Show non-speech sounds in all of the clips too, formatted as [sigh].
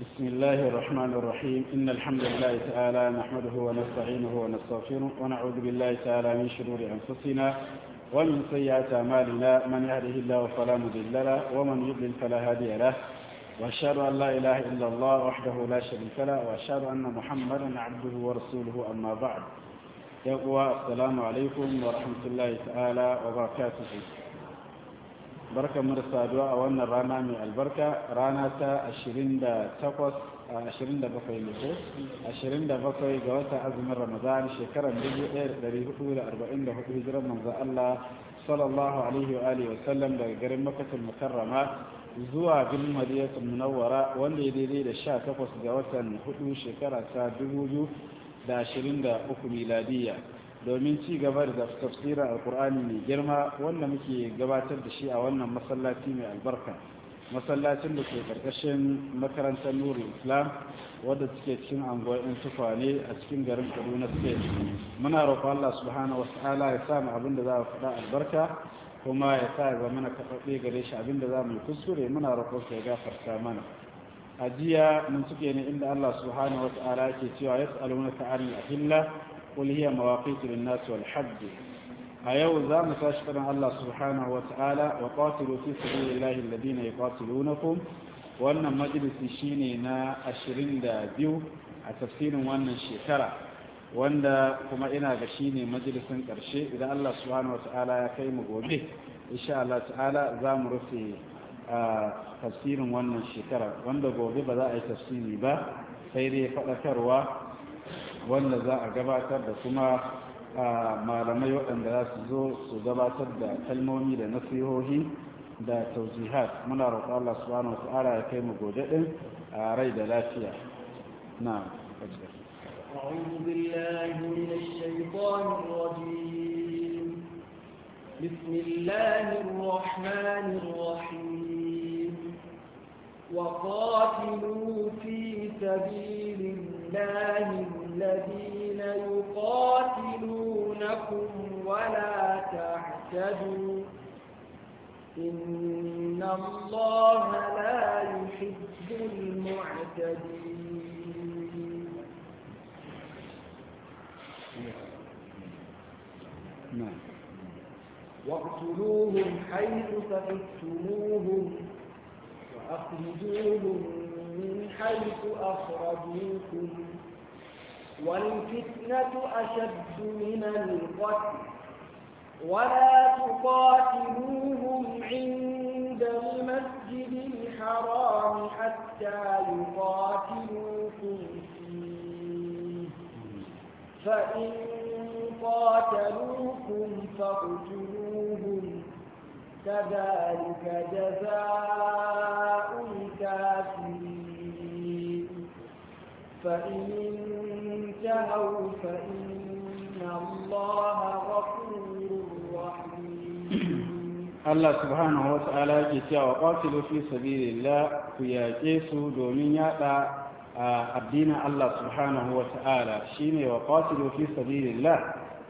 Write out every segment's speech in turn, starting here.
بسم الله الرحمن الرحيم إن الحمد لله تعالى نحمده ونستعينه ونستغفره ونعوذ بالله تعالى من شرور أنفسنا ومن سيئات أعمالنا من يهده الله فلا مضل له ومن يضلل فلا هادي له وأشهد أن لا إله إلا الله وحده لا شريك له وأشهد أن محمدا عبده ورسوله أما بعد يقوى السلام عليكم ورحمة الله تعالى وبركاته barka mu da saduwa a wannan rana mai albarka rana ta 27 ga watan azumin ramadan shekarar 1444 hijiran manzo Allah sallallahu alaihi wa alihi wa sallam daga garin makatul mukarrama zuwa bin madiyatul munawwara wanda ya daidai da 18 ga watan 4 shekara ta 2023 miladiyya domin ci gaba da tafsirin alkur'ani mai girma wanda muke gabatar da shi a wannan masallaci mai albarka masallacin da ke karkashin makarantar nuri islam wadda suke cikin anguwa'in tufa ne a cikin garin kaduna state muna roƙo allah subhanahu wa ta'ala ya sa mu abin da za a faɗa albarka kuma ya sa ya zama kafaɗe gare shi abin da za mu kuskure muna roƙo ya gafarta mana a jiya mun suke ne inda allah subhanahu wa ta'ala ke cewa ya tsalo na a ahilla kulhiya mawaƙitu lin nasu alhaji a yau za mu tashi kiran Allah subhanahu wa ta'ala wa qatilu fi sabilillahi alladhina yuqatilunakum wannan majlisi shine na da biyu a tafsirin wannan shekara wanda kuma ina ga shine majlisin ƙarshe idan Allah subhanahu wa ta'ala ya kai mu gobe insha ta'ala za mu rufe a tafsirin wannan shekara wanda gobe ba za a yi tafsiri ba sai dai faɗakarwa wanda za a gabatar da kuma malamai waɗanda za su zo su gabatar da kalmomi da nasihohi da taujihat muna roƙon Allah subhanahu wa ta'ala ya kai mu gode din a rai da lafiya na ajiyar أعوذ بالله من الشيطان الرجيم بسم الله الرحمن الرحيم وقاتلوا في سبيل الله لله الذين يقاتلونكم ولا تعتدوا إن الله لا يحب المعتدين نعم واقتلوهم حيث تقتلوهم وأخرجوهم حيث أخرجوكم والفتنة أشد من القتل ولا تقاتلوهم عند المسجد الحرام حتى يقاتلوكم فيه فإن قاتلوكم فاقتلوهم كذلك جزاء الكافرين فإن انتهوا فإن الله غفور رحيم [coughs] Allah subhanahu wa ta'ala ke cewa qatilu fi sabilillah ku yaƙe su domin yada addinin Allah subhanahu wa ta'ala shine wa qatilu fi sabilillah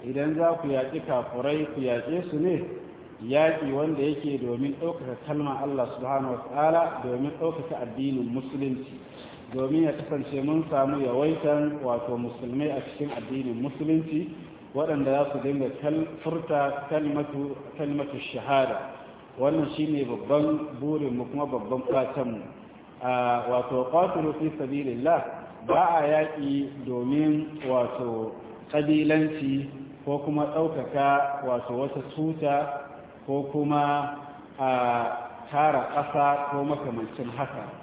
idan za ku yaƙi kafurai ku yaƙe su ne yaƙi wanda yake domin ɗaukaka kalmar Allah subhanahu wa ta'ala domin ɗaukaka addinin musulunci domin ya kasance mun samu yawaitan wato musulmai a cikin addinin musulunci waɗanda za su dinga furta kalmatu shahada wannan shine babban burinmu kuma babban fatanmu wato qatilu fi sabilillah ba a yaƙi domin wato ƙabilanci ko kuma ɗaukaka wato wata tuta ko kuma a tara ƙasa ko makamancin haka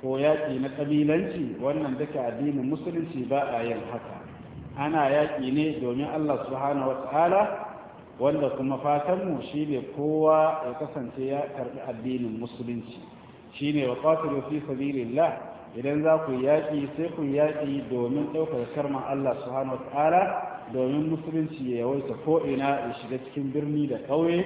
ko yaƙi na ƙabilanci wannan duka addinin musulunci ba a yin haka ana yaƙi ne domin Allah subhanahu Ta'ala, wanda kuma fatanmu shi ne kowa ya kasance ya karɓi addinin musulunci shi ne wa ƙwatilu fi sabilillah idan za ku yaƙi sai ku yaƙi domin ɗaukar karman Allah subhanahu Ta'ala, domin musulunci ya yawaita ko ina ya shiga cikin birni da ƙauye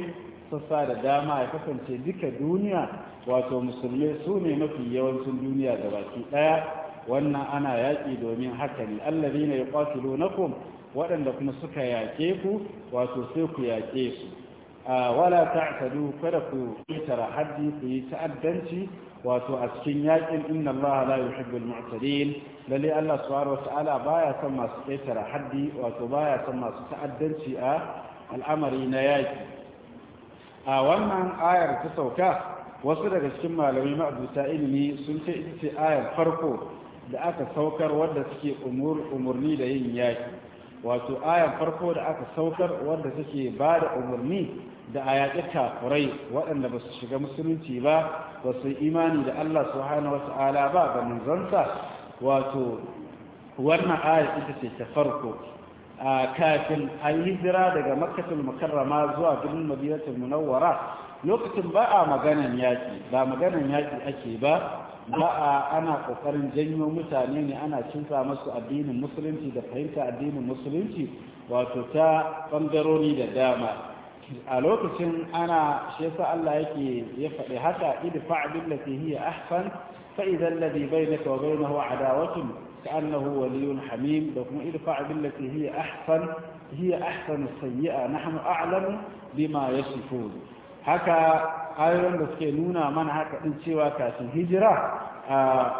sassa da dama ya kasance duka duniya wato musulmai su ne mafi yawancin duniya da baki ɗaya wannan ana yaƙi domin haka ne allazi ne ya ƙwatilo na waɗanda kuma suka yaƙe ku wato sai ku yaƙe su wala ta'tadu kada ku tara haddi ku yi ta'addanci wato a cikin yaƙin inna Allah la yuhibbul mu'tadin lalle Allah subhanahu wata'ala baya son masu ƙetara haddi wato baya son masu ta'addanci a al'amari na yaƙi a wannan ayar ta sauka wasu daga cikin malamai ma'abuta ilimi sun ce ita ce ayar farko da aka saukar wadda suke umarni da yin yaki wato ayar farko da aka saukar wadda suke ba da umarni da a yaƙi kafurai waɗanda ba su shiga musulunci ba ba su imani da Allah su wasu ala ba ga manzansa wato wannan ayar ita ce ta farko A kafin a yi hijira daga makkatul mukarrama zuwa birnin madinatul munawwara lokacin ba a maganan yaƙi ba maganan yaƙi ake ba ba a ana ƙoƙarin janyo mutane ne ana cinta masu addinin musulunci da fahimta addinin musulunci wato ta ɓangarori da dama a lokacin ana shi yasa Allah yake ya faɗi haka idfa' billati hiya ahsan fa na alladhi bainaka wa bainahu adawatun كأنه ولي حميم لكم ادفع بالتي هي أحسن هي أحسن السيئة نحن أعلم بما يصفون هكا ayoyin da suke nuna mana haka din cewa kafin hijira a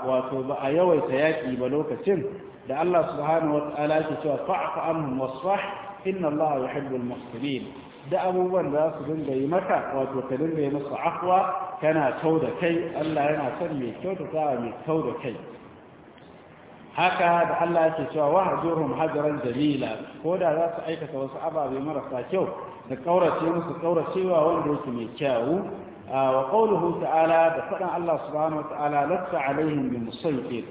wato ba a yawaita yaƙi ba lokacin da Allah subhanahu wata'ala yake cewa fa'fa anhum wasfah inna Allah yuhibbul muhsinin da abubuwan da su dinga yi maka wato ka dinga yi musu afwa kana kau da kai Allah yana son mai kyautatawa mai kau da kai haka da Allah yake cewa wa hajurum hajaran jalila ko da za su aikata wasu ababe marasa kyau da kaurace musu kauracewa wanda yake mai kyau wa qawluhu ta'ala da fadan Allah subhanahu wa ta'ala lasta alaihim bi musaytir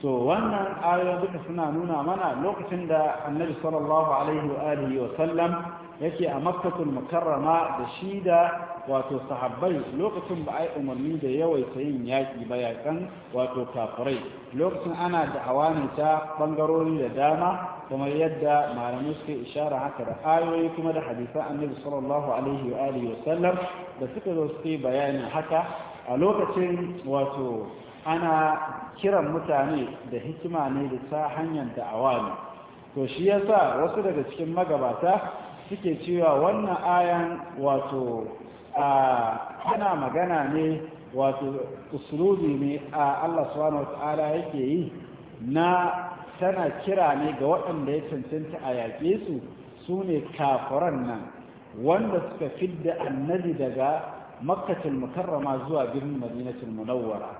to wannan ayoyin duka suna nuna mana lokacin da annabi sallallahu alaihi wa alihi wa sallam yake a makkatul mukarrama da shida. wato sahabbai lokacin ba a yi umarni da yawaita yin yaƙi ba yaƙan wato kafirai lokacin ana da awani ta bangarori da dama kamar yadda malamai suke ishara haka da ayoyi kuma da hadisan annabi sallallahu alaihi wa alihi wa sallam da suka zo suke bayani haka a lokacin wato ana kiran mutane da hikima ne da ta hanyar da awani to shi yasa wasu daga cikin magabata suke cewa wannan ayan wato yana magana ne wato usulubi ne a Allah subhanahu wata'ala yake yi na tana kira ne ga waɗanda ya cancanta a yaƙe su su ne nan wanda suka fidda annabi daga makkacin mukarrama zuwa birnin madinatul munawwara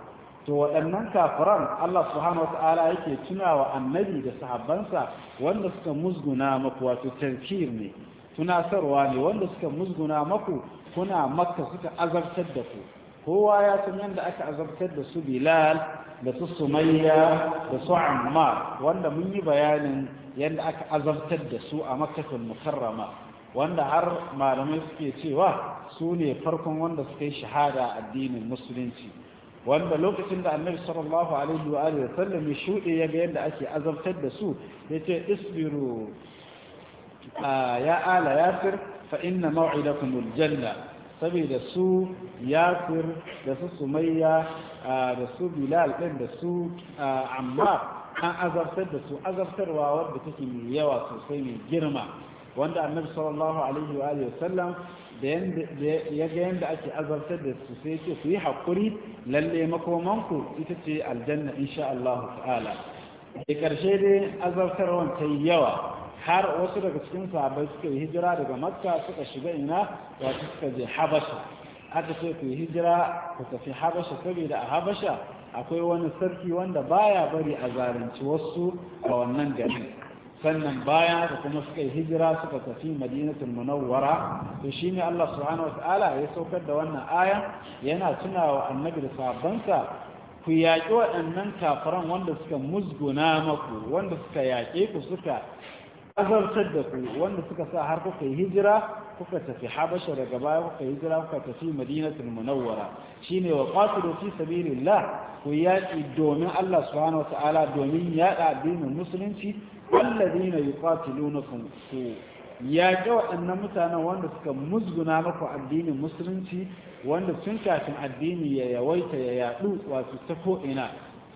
to waɗannan kafaran Allah subhanahu wata'ala yake tunawa annabi da sahabbansa wanda suka musguna maku wato tarkir ne tunasarwa ne wanda suka musguna maku kuna makka suka azabtar da ku kowa ya san yadda aka azabtar da su bilal da su sumayya da su ammar wanda mun yi bayanin yadda aka azabtar da su a makkatul mukarrama wanda har malamai suke cewa su ne farkon wanda suka yi shahada a addinin musulunci wanda lokacin da annabi sallallahu alaihi wa alihi sallam ya shuɗe ya ga yadda ake azabtar da su yace isbiru ya ala yasir fa inna maw'idakumul janna saboda su yasir da su sumayya da su bilal din da su amma an azabtar da su azabtarwa wadda take mai yawa sosai mai girma wanda annabi sallallahu alaihi wa alihi wasallam da ya ga yanda ake azabtar da su sai ce su yi hakuri lalle makomanku ita ce aljanna insha Allah ta'ala a karshe dai azabtarwa ta yawa har wasu daga cikin sahabbai suka yi hijira daga makka suka shiga ina wato suka je habasha aka ce ku hijira ku tafi habasha saboda a habasha akwai wani sarki wanda baya bari a zalunci wasu a wannan garin sannan baya haka kuma suka yi hijira suka tafi madinatul munawwara to shine Allah subhanahu wataala ya saukar da wannan aya yana tunawa annabi da sahabbansa ku yaƙi waɗannan kafiran wanda suka musguna maku wanda suka yaƙe ku suka azartar da ku wanda suka sa har kuka yi hijira kuka tafi habasha daga baya kuka yi hijira kuka tafi madinatul munawwara shine wa qatilu fi sabilillah ku yaƙi domin Allah subhanahu wata'ala domin yaɗa addinin musulunci alladhina yuqatilunakum ku ga waɗannan mutanen wanda suka musguna maku addinin musulunci wanda sun kafin addini ya yawaita ya yaɗu wasu ta ko'ina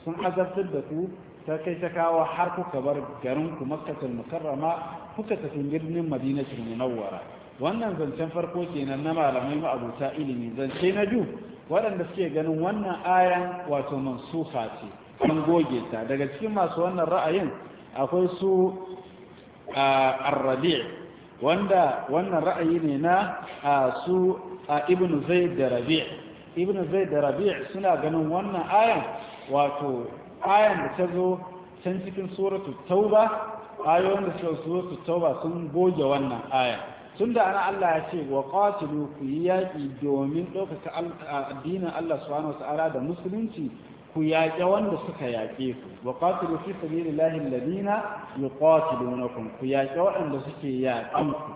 sun azartar da ku ta kai ta kawo har kuka bar garin ku makkatul mukarrama kuka tafi birnin madinatul munawwara wannan zancen farko kenan na malamai ma'abuta ilimi zance na biyu waɗanda suke ganin wannan ayan wato mansuha ce an goge ta daga cikin masu wannan ra'ayin akwai su arrabi' wanda wannan ra'ayi ne na su Ibn zaid da rabi' Ibn zaid da rabi' suna ganin wannan ayan wato ayan da ta zo can cikin suratu tauba ayoyin da suka suratu tauba sun goge wannan aya tun da ana Allah ya ce wa qatilu ku yi yaƙi domin ɗaukaka addinin Allah subhanahu wa da musulunci ku yaƙi wanda suka yaƙe ku wa qatilu fi sabilillahi alladhina yuqatilunakum ku yaƙi waɗanda suke yaƙan ku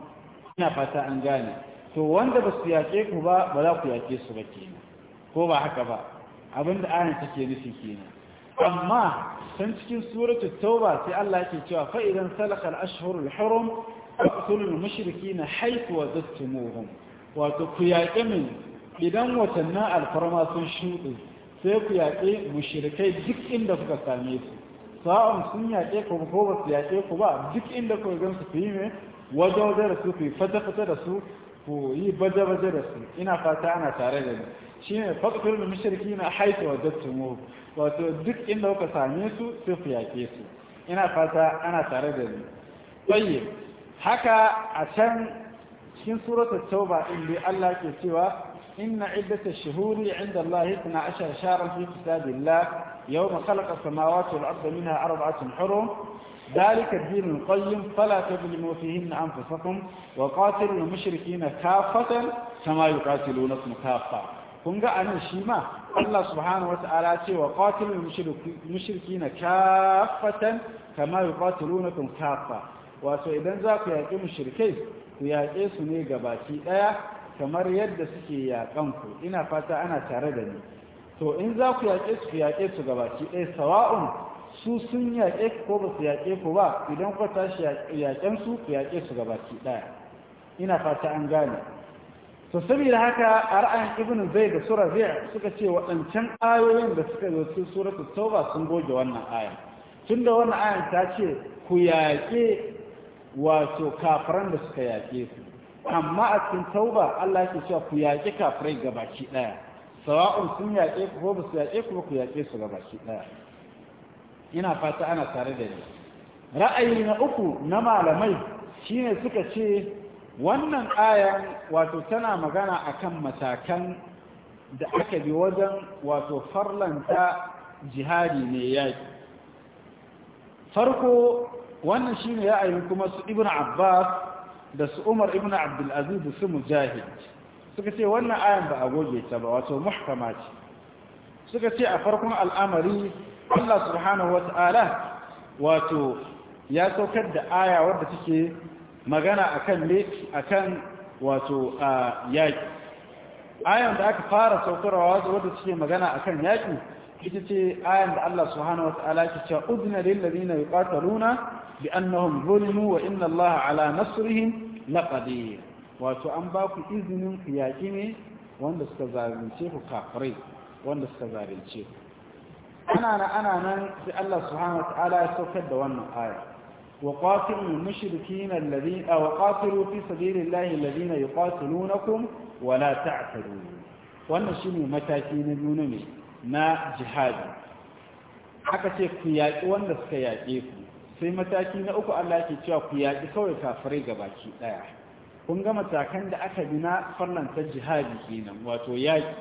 ina fata an gane to wanda ba su yaƙe ku ba ba za ku yaƙe su ba kenan ko ba haka ba abinda ayan take nufi kenan amma san cikin suratul tauba sai Allah yake cewa fa idan salakal ashhurul hurum faqtulul mushrikeena haythu wajadtumuhum wato ku yaƙe min idan watanna alfarma sun shuɗe sai ku yaƙe mushrikai duk inda kuka same su sa'an sun yaƙe ku ko ba su yaƙe ku ba duk inda kuka gan su ku yi mai wajen da su ku yi fata-fata da su ku yi baje-baje da su ina fata ana tare da ni shi ne faɗaɗar da mashirki na haiti wa dattin mu wato duk inda kuka same su sun fiyake su ina fata ana tare da ni ƙwaye haka a can cikin suratar tauba in bi allah ke cewa inna iddata shahuri inda allah na ashar sharar fi fita billa yau ma kalaka samawati wal arda minha arba'atun hurum dalika dinul qayyim fala tadlimu fihin anfusakum wa qatilu al mushrikina kafatan kama yuqatilunakum kafatan kun ga anan shi ma Allah subhanahu wata'ala ce wa mushirki na kaffatan kama yuqatilunakum kaffa wato idan za ku yaƙi mushrikai ku yaƙe su ne gabaki ɗaya kamar yadda suke yaƙan ku ina fata ana tare da ni to in za ku yaƙe su ku yaƙe su gabaki ɗaya sawa'un su sun yaƙe ko ba su yaƙe ku ba idan ku tashi yaƙen su ku yaƙe su gabaki ɗaya ina fata an gane to saboda haka a ra'ayin ibn zai da sura zai suka ce waɗancan ayoyin da suka zo cikin suratu tauba sun goge wannan aya Tunda wannan aya ta ce ku yaƙe wato kafiran da suka yaƙe su amma a cikin tauba Allah yake cewa ku yaƙe kafirai gabaki ɗaya sawa'un sun yaƙe ku ko su yaƙe ku ku yaƙe su gabaki ɗaya ina fata ana tare da ni ra'ayi na uku na malamai shine suka ce wannan ayan wato tana magana akan matakan da aka bi wajen wato farlanta jihadi ne yaƙi farko wannan shi ne kuma su ibn abbas da su umar ibn abdulaziz da su mujahid suka ce wannan ayan ba a goge ta ba wato muhkama ce suka ce a farkon al'amari allah subhanahu wa wato ya saukar da aya wadda take magana akan a kan wato yaƙi ayan da aka fara saukarwa wadda suke magana akan yaƙi ita ce ayan da Allah subhanahu wata'ala ke cewa udna lil ladina yuqataluna bi annahum zulimu wa inna Allah ala nasrihim laqadir wato an ba ku izinin ku yaƙi ne wanda suka zalunce ku kafirai wanda suka zalunce ku ana nan ana nan sai Allah subhanahu ya saukar da wannan aya وقاتلوا المشركين الذين وقاتلوا في سبيل الله الذين يقاتلونكم ولا تعتدوا wannan shine mataki na nuna ne na jihadi aka ce ku yaƙi wanda suka yaƙe ku sai mataki na uku Allah ke cewa ku yaƙi kawai kafirai gabaki ɗaya kun ga matakan da aka bi na ta jihadi kenan wato yaƙi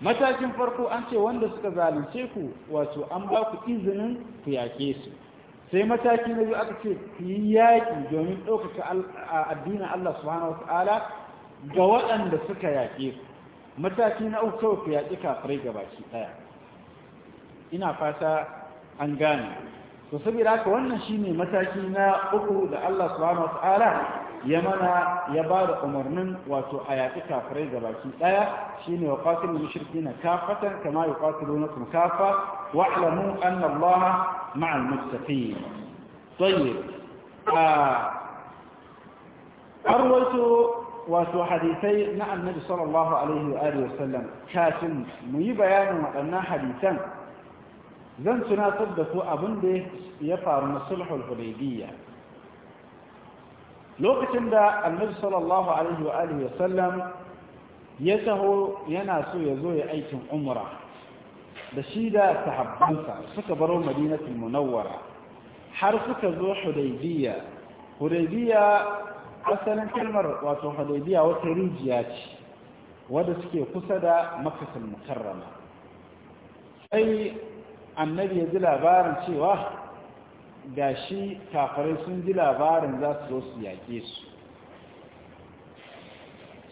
matakin farko an ce wanda suka zalunce ku wato an ba ku izinin ku yaƙe su sai mataki na biyu aka ce ku yi yaƙi domin ɗaukaka addinin Allah subhanahu wata'ala ga waɗanda suka yaƙe ku mataki na uku kawai ku yaƙi kafirai baki ɗaya ina fata an gane to saboda haka wannan shine mataki na uku da Allah subhanahu wata'ala ya mana ya ba da umarnin wato a yaƙi kafirai ga baki ɗaya shine wa qatilu mushrikina kafatan kama yuqatilunakum kafa واعلموا أن الله مع المتقين طيب أروت آه، أرويت واتو حديثي مع النبي صلى الله عليه وآله وسلم كاتم ميبيان وأنا حديثا زن تناسبت أبن به يفعل صلح الحديبية لوقت da النبي صلى الله عليه وآله وسلم sallam ya taho yana so ya da shi da sahabbansa suka baro madinatul munawwara har suka zo hudaybiya hudaybiya asalin kalmar wato hudaybiya wata rijiya ce wadda suke kusa da makasar mukarrama sai annabi ya ji labarin cewa gashi shi sun ji labarin za su zo su yaƙe su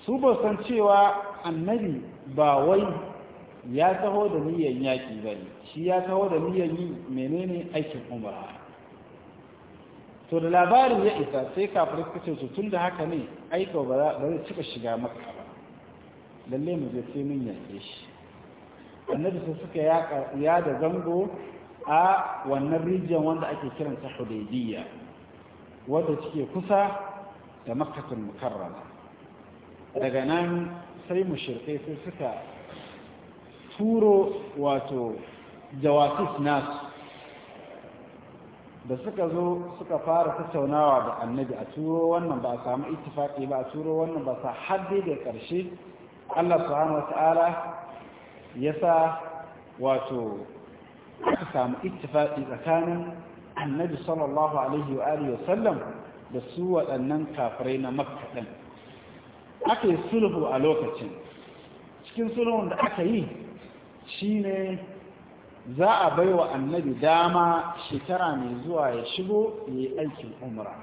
su ba san cewa annabi ba wai ya taho da niyyar yaƙi bane shi ya taho da niyyar yi menene aikin umara to da labarin ya isa sai kafin suka ce tun da haka ne aika ba zai cika shiga maka ba lalle mu je sai mun yanke shi annabi sai suka ya da zango a wannan rijiyar wanda ake kiran ta hudaydiyya wadda take kusa da makkatul mukarrama daga nan sai mushrikai sai suka turo wato jawasis nasu da suka zo suka fara tattaunawa da annabi a turo wannan ba a samu ittifaki ba a turo wannan ba sa hadde da ƙarshe Allah subhanahu wata'ala ya sa wato aka samu ittifaki tsakanin annabi sallallahu alaihi wa alihi wasallam da su waɗannan kafirai na makka ɗin aka yi sulhu a lokacin cikin sulhun da aka yi shine za a baiwa annabi dama shekara mai zuwa ya shigo ya yi aikin umra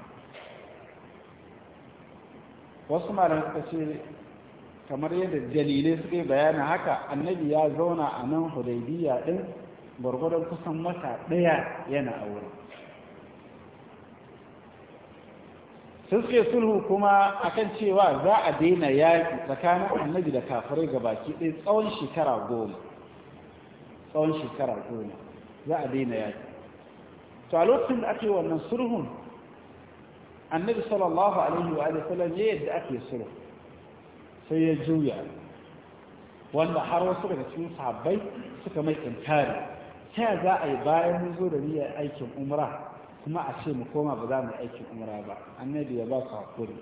wasu malamai suka ce kamar yadda dalilai suka yi bayanin haka annabi ya zauna a nan hudaybiya din gwargwadon kusan wata ɗaya yana a wurin suke sulhu kuma akan cewa za a daina yaƙi tsakanin annabi da kafirai ga baki ɗaya tsawon shekara goma tsawon shekara goma za a daina yaki to a lokacin da ake wannan sulhun annabi sallallahu alaihi wa sallam ne yadda ake sulhu sai ya juya wanda har wasu daga cikin sahabbai suka mai inkari ta za a yi bayan mun zo da niyyar aikin umra kuma a ce mu koma ba za mu aikin umra ba annabi ya ba su hakuri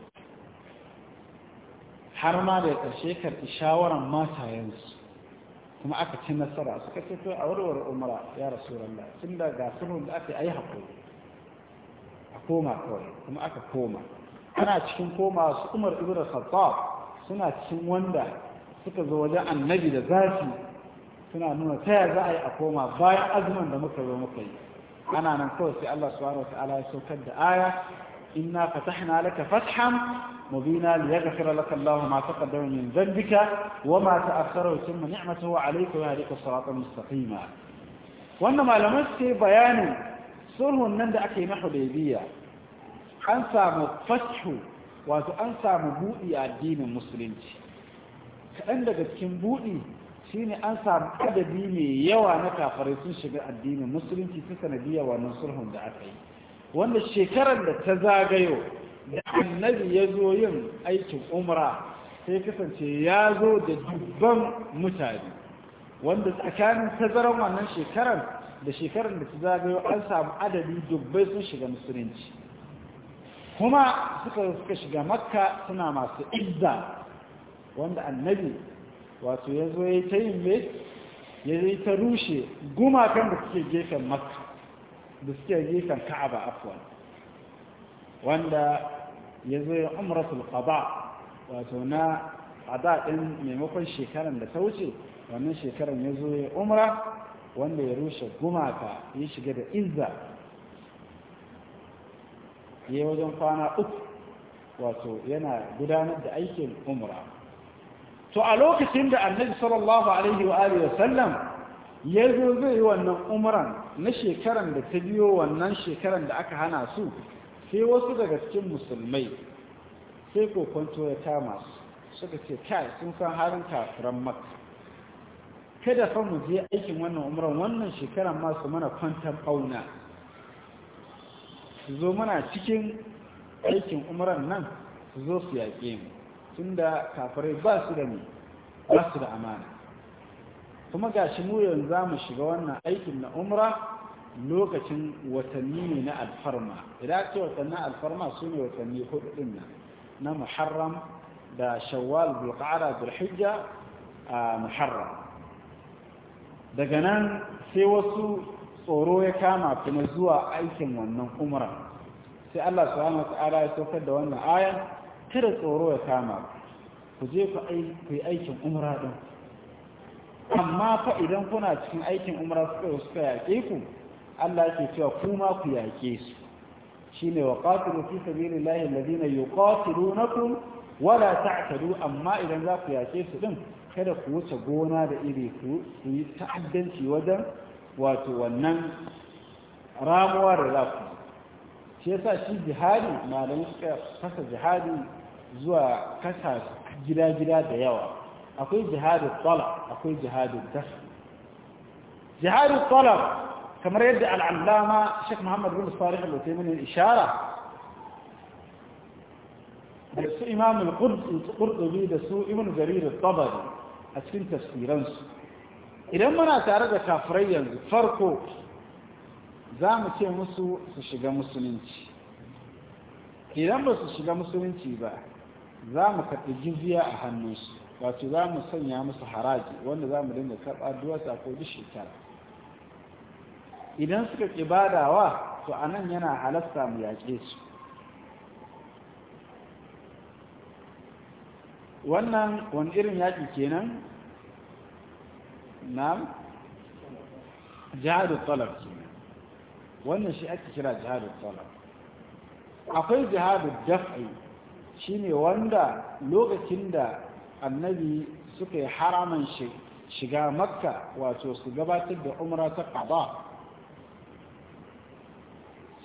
har ma da karshe karɓi shawaran matayensu kuma aka ci nasara suka ce to a warware umara ya rasulullah tun da ga sulhun da aka yi hakuri a koma kawai kuma aka koma ana cikin koma su umar ibn khattab suna cikin wanda suka zo wajen annabi da zafi suna nuna ta ya za a yi a koma bayan azumin da muka zo muka yi ana nan kawai sai Allah subhanahu wa ta'ala ya saukar da aya inna fatahna laka fatham مبينا ليغفر لك الله ما تقدم من ذنبك وما تأخر ويتم نعمته عليك ويهديك الصراط المستقيم wannan malamai suke bayanin sulhun nan da ake na hudaybiya an samu fashu wato an samu buɗi a addinin musulunci kaɗan daga cikin buɗi shine an samu adadi mai yawa na kafarai sun shiga addinin musulunci ta sanadiyar wannan sulhun da aka yi wanda shekarar da ta zagayo da annabi ya zo yin aikin umra sai kasance ya zo da dubban mutane wanda tsakanin tazaran wannan shekarar da shekarar da su zagayo an samu adadi dubbai sun shiga musulunci kuma suka suka shiga makka suna masu idda, wanda annabi wato ya zo ya ta yin ya zai ta rushe gumakan da suke gefen makka da suke gefen ka'aba afwan wanda ya zo ya umratul qada wato na qada din maimakon shekaran da ta wuce wannan shekaran ya zo ya umra wanda ya rushe gumaka ya shiga da izza ya wajen kwana uku wato yana gudanar da aikin umra to a lokacin da annabi sallallahu alaihi wa alihi wa sallam ya zo zai yi wannan umran na shekaran da ta biyo wannan shekaran da aka hana su sai wasu daga cikin musulmai sai kokonto ya kama su suka ce kai sun san harin kafiran maka kada fa mu je aikin wannan umran wannan shekaran ma su mana kwantan auna su zo mana cikin aikin umran nan su zo su yaƙe mu tunda kafirai ba su da ne ba su da amana kuma gashi mu yanzu za mu shiga wannan aikin na umra lokacin watanni ne na alfarma idan ake watanni alfarma su ne watanni hudu nan na muharram da shawwal bulqa'ada bulhijja a muharram daga nan sai wasu tsoro ya kama kuma zuwa aikin wannan umra sai Allah subhanahu wata'ala ya saukar da wannan aya kada tsoro ya kama ku je ku yi aikin umra din amma fa idan kuna cikin aikin umra suka suka yaƙe ku Allah yake cewa kuma ku yake su shine wa qatilu fi sabilillahi alladhina yuqatilunakum la ta'tadu amma idan za ku yake su din kada ku wuce gona da iri ku ku yi ta'addanci wajen wato wannan ramuwa da za ku shi yasa shi jihadi malamin suka fasa jihadi zuwa kasa gida-gida da yawa akwai jihadin talab akwai jihadin dafi jihadin talab kamar yadda al'allama Sheikh Muhammad bin Salih al-Utaimin ishara da su Imam al da su Ibn Jarir al-Tabari a cikin tafsiransu idan muna tare da kafirai yanzu farko za mu ce musu su shiga musulunci idan ba su shiga musulunci ba za mu karɓi jiziya a hannunsu wato za mu sanya musu haraji wanda za mu dinga karɓa duwasa ko duk shekara idan suka wa to anan yana halasta mu yaƙe su wannan wani irin yaƙi kenan na jihadu tsalar kenan wannan shi ake kira jihadu tsalar akwai jihadu daf'i shine wanda lokacin da annabi suka yi haraman shiga makka wato su gabatar da umra ta ƙaba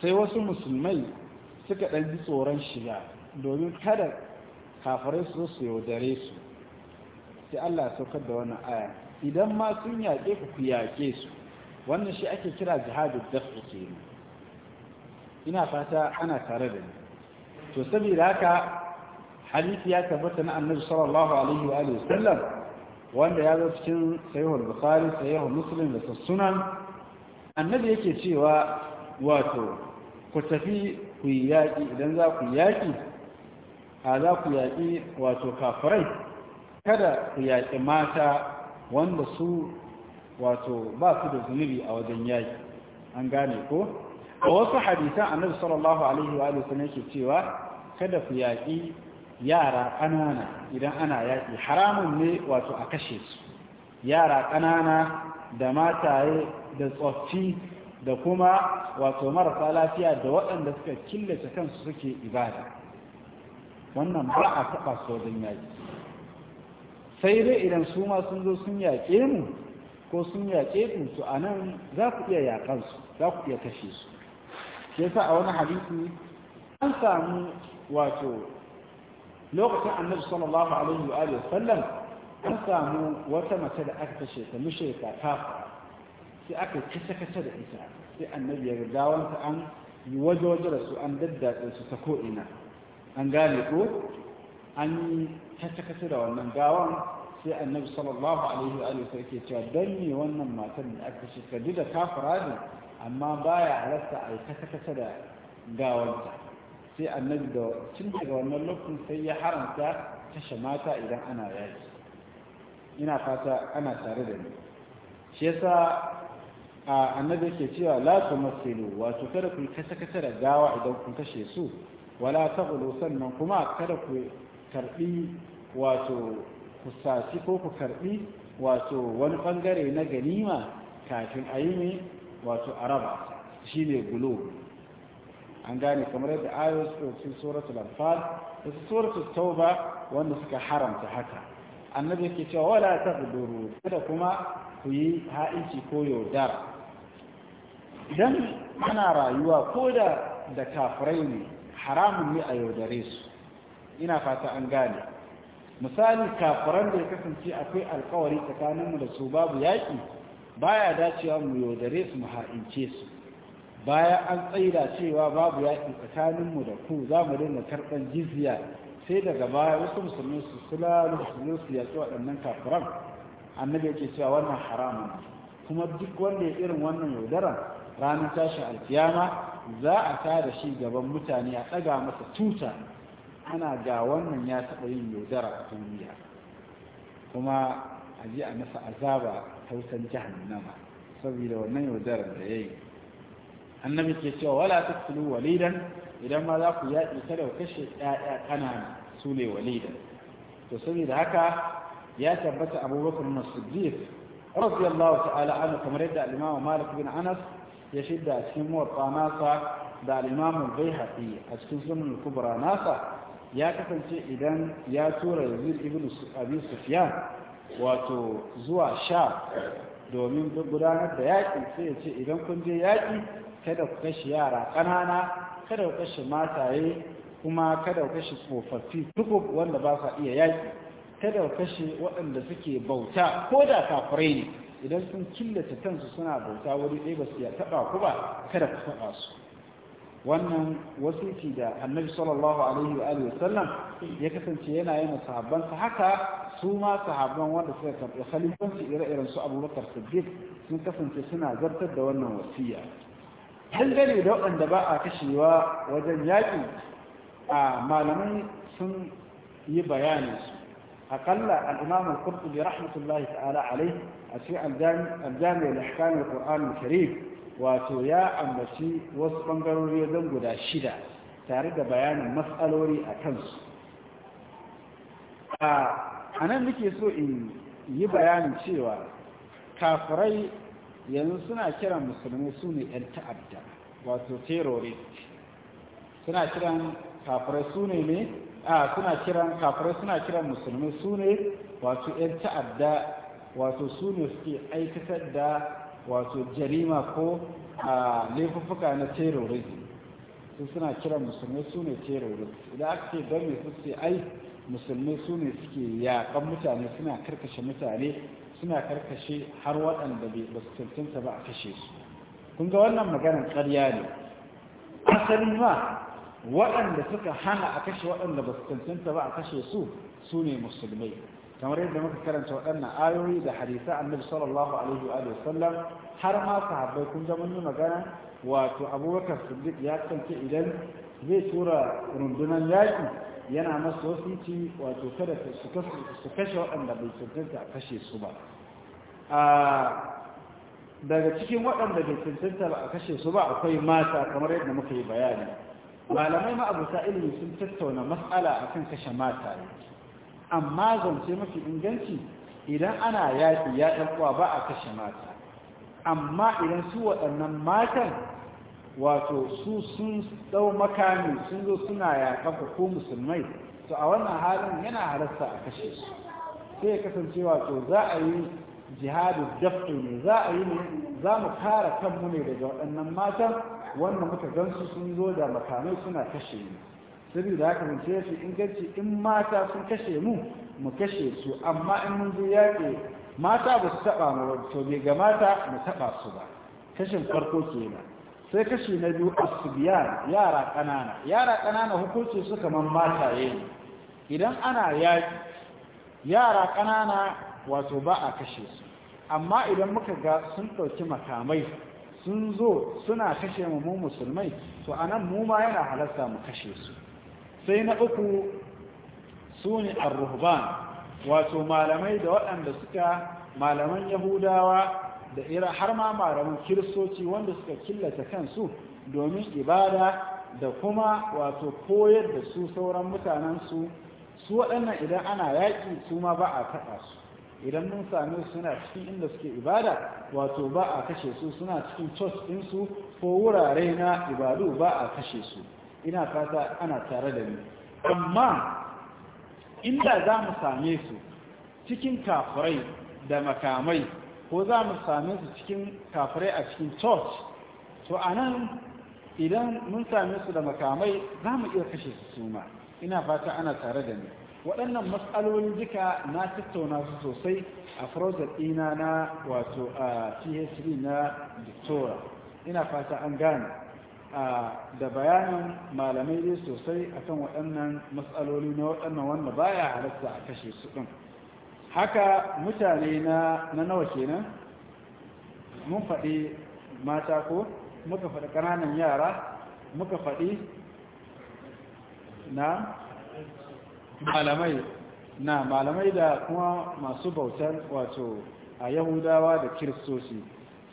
sai wasu musulmai suka ɗan ji tsoron shiga domin kada kafirai su su yaudare su sai Allah saukar da wannan aya idan ma sun yaƙe ku ku yaƙe su wannan shi ake kira jihadu dafu kenan ina fata ana tare da ni to saboda haka hadisi ya tabbata na annabi sallallahu alaihi wa alihi sallam wanda ya zo cikin sahihul bukhari sahihul muslim da sunan annabi yake cewa wato ku tafi ku yi yaƙi idan za ku yaƙi a za ku yaƙi wato kafirai kada ku yaƙi mata wanda su wato ba su da zunubi a wajen yaƙi an gane ko a wasu hadisan annabi sallallahu alaihi wa sallam yake cewa kada ku yaƙi yara ƙanana idan ana yaƙi haramun ne wato a kashe su yara ƙanana da mataye da tsoffi da kuma wato marasa lafiya da waɗanda suka killace kansu suke ibada wannan ba a taɓa sojan yaƙi sai dai idan su ma sun zo sun yaƙe mu ko sun yaƙe ku a nan za ku iya yaƙansu za ku iya kashe su shi yasa a wani hadisi an samu wato lokacin annabi sallallahu alaihi wa sallam an samu wata mace da aka kashe ta ta kafa sai aka kasa-kasa da ita sai annabi ya gawanta an yi waje-waje da su an daddatsa su ta ko'ina an gane ko an yi kasa-kasa da wannan gawan sai annabi sallallahu alaihi wa alihi Sarki cewa dan ne wannan matan da aka shi ka da kafara ne amma baya halarta a yi kasa-kasa da gawanta sai annabi da cin daga wannan lokacin sai ya haramta kashe mata idan ana yaki ina fata ana tare da ni shi yasa A annabi yake cewa la tumassilu wato kada ku kasa kasa da gawa idan kun kashe su wala taqulu sannan kuma kada ku karbi wato ku sasi ko ku karbi wato wani bangare na ganima kafin a yi ne wato araba shine gulo an gane kamar yadda ayos ɗauki suratul anfal da suratul tauba wanda suka haramta haka annabi yake cewa wala taqduru kada kuma ku yi ha'inci ko yaudara idan ana rayuwa ko da da kafirai ne haramun ne a yaudare su ina fata an gane misali kafiran da ya kasance akwai alkawari tsakaninmu da su babu yaƙi baya dacewa mu yaudare su mu ha'ince su baya an tsaida cewa babu yaƙi tsakaninmu da ku za mu dinga karɓar jizya sai daga baya wasu musulmi su sulalu musulmi su yaƙi waɗannan kafiran annabi yake cewa wannan haramun kuma duk wanda ya irin wannan yaudaran ranar Tashi alkiyama za a tada shi gaban mutane a tsaga masa tuta ana ga wannan ya taɓa yin yaudara a duniya kuma a ji a masa azaba ta wutan jahannama saboda wannan yaudarar da ya yi annabi ke cewa wala tattulu walidan idan ma za ku yaƙi ta ku kashe ƴaƴa ƙanana su ne walidan to saboda haka ya tabbata abubakar masu radiyallahu ta'ala anhu kamar yadda alimawa imamu malik bin anas ya shidda cikin muwatta nasa da al'imamun bai haɗi a cikin sunan kubra nasa ya kasance idan ya tura yazid ibn abi sufyan wato zuwa sha domin gudanar da yaƙi sai ya ce idan kun je yaƙi kada ku kashe yara ƙanana kada ku kashe mataye kuma kada ku kashe tsofaffi duk wanda ba sa iya yaƙi kada ku kashe waɗanda suke bauta ko da kafirai ne idan sun killata kansu suna bauta wuri ɗaya ba su ya taɓa ku ba kada ku taɓa su wannan wasiki da annabi sallallahu alaihi wa alihi wasallam ya kasance yana yana sahabbansa haka su ma sahabban wanda suka karɓi khalifanci ire-iren su abubakar siddiq sun kasance suna zartar da wannan wasiya dangane da waɗanda ba a kashewa wajen yaƙi a malamai sun yi bayanin su aƙalla al'imamul kurtubi rahmatullahi ta'ala alaihi a cikin aljami da hakanin ƙo'anin karim wato ya ambaci wasu ɓangarori wajen guda shida tare da bayanin matsaloli a kansu a nan nake so in yi bayanin cewa kafirai yanzu suna kiran musulmi su ne 'yan ta'adda wato terrorist suna kiran kafirai su ne ne a suna kiran kafirai suna kiran musulmi su ne wato 'yan ta'adda wato su ne suke aikatar da wato jarima ko a laifuffuka na terrorism su suna kira musulmai su ne terrorism idan aka ce don mai suke ai musulmai su ne suke yakan mutane suna karkashe mutane suna karkashe har waɗanda ba su cancanta ba a kashe su kun ga wannan maganar ƙarya ne asali ma waɗanda suka hana a kashe waɗanda ba su cancanta ba a kashe su su ne musulmai kamar yadda muka karanta waɗannan ayoyi da hadisa annabi sallallahu alaihi wa sallam har ma sahabbai kun zama ni magana wato abubakar siddiq ya kanke idan zai tura rundunan yaƙi yana masa wasiti wato kada su kashe waɗanda bai cancanta a kashe su ba daga cikin waɗanda bai cancanta ba a kashe su ba akwai mata kamar yadda muka yi bayani malamai ma abu ilimi sun tattauna matsala akan kashe mata ne amma zance mafi inganci idan ana yaƙi ya ɗanƙuwa ba a kashe mata amma idan su waɗannan matan wato su sun ɗau makami sun zo suna yaƙafa ko musulmai to a wannan halin yana halarta a kashe su sai ya kasance wato za a yi jihadu dafto ne za a yi ne za mu kare kanmu ne daga waɗannan matan wannan muka gansu sun zo da makamai suna kashe ne saboda haka mun ce shi inganci in mata sun kashe mu mu kashe su amma in mun zo yaƙi mata ba su taɓa mu ba to bai ga mata mu taɓa su ba kashin farko kenan sai kashi na biyu asibiyan yara ƙanana yara ƙanana hukunci su kamar mataye ne idan ana yaƙi yara ƙanana wato ba a kashe su amma idan muka ga sun ɗauki makamai sun zo suna kashe mu musulmai to anan mu ma yana halarta mu kashe su sai na uku su ne arruhban wato malamai da waɗanda suka malaman yahudawa da ira har ma malaman kiristoci wanda suka killata kansu domin ibada da kuma wato koyar da su sauran mutanensu su waɗannan idan ana yaƙi su ma ba a taɓa su idan mun sami suna cikin inda suke ibada wato ba a kashe su suna cikin church ɗinsu ko wurare na ibadu ba a kashe su ina fata ana tare da ni amma inda za mu same su cikin kafirai da makamai ko za mu same su cikin kafirai a cikin church to a nan idan mun same su da makamai za mu iya kashe su suma ina fata ana tare da ni waɗannan matsalolin duka na tattauna su sosai a frozen ɗina na wato a phd na victoria ina fata an gane da bayanin malamai dai sosai a kan waɗannan matsaloli na waɗannan wanda ba ya halatta a kashe su ɗin haka mutane na nawa kenan mun faɗi mata ko muka faɗi ƙananan yara muka faɗi na malamai na malamai da kuma masu bautar wato a yahudawa da kiristoci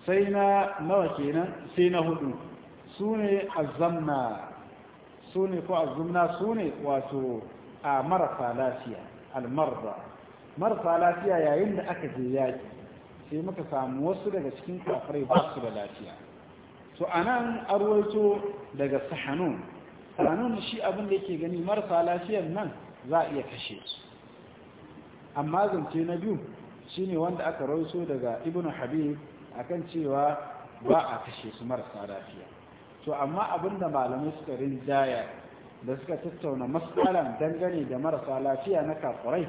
sai na nawa kenan sai na hudu su ne azamna su ko azumna su ne wato a marasa lafiya almarba marasa lafiya yayin da aka je yaki sai muka samu wasu daga cikin kafirai ba su da lafiya to anan arwaito daga sahanun sahanun shi abin da yake gani marasa lafiyan nan za a iya kashe su amma zance na biyu shine wanda aka rawaito daga ibnu habib akan cewa ba a kashe su marasa lafiya to amma abinda malamai suka rinjaya da suka tattauna matsalan dangane da marasa lafiya na kafurai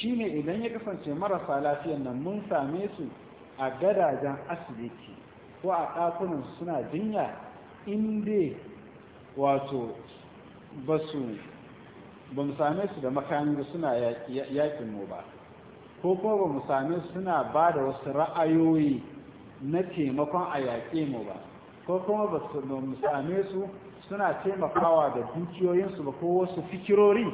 shine idan ya kasance marasa lafiyan nan mun same su a gadajen asibiti ko a ɗakunan suna jinya inda wato ba su ba mu same su da makamin da suna yakin mu ba ko ko ba mu same su suna ba da wasu ra'ayoyi na taimakon a yaƙe mu ba ko kuma ba su same su suna taimakawa da dukiyoyinsu ba ko wasu fikirori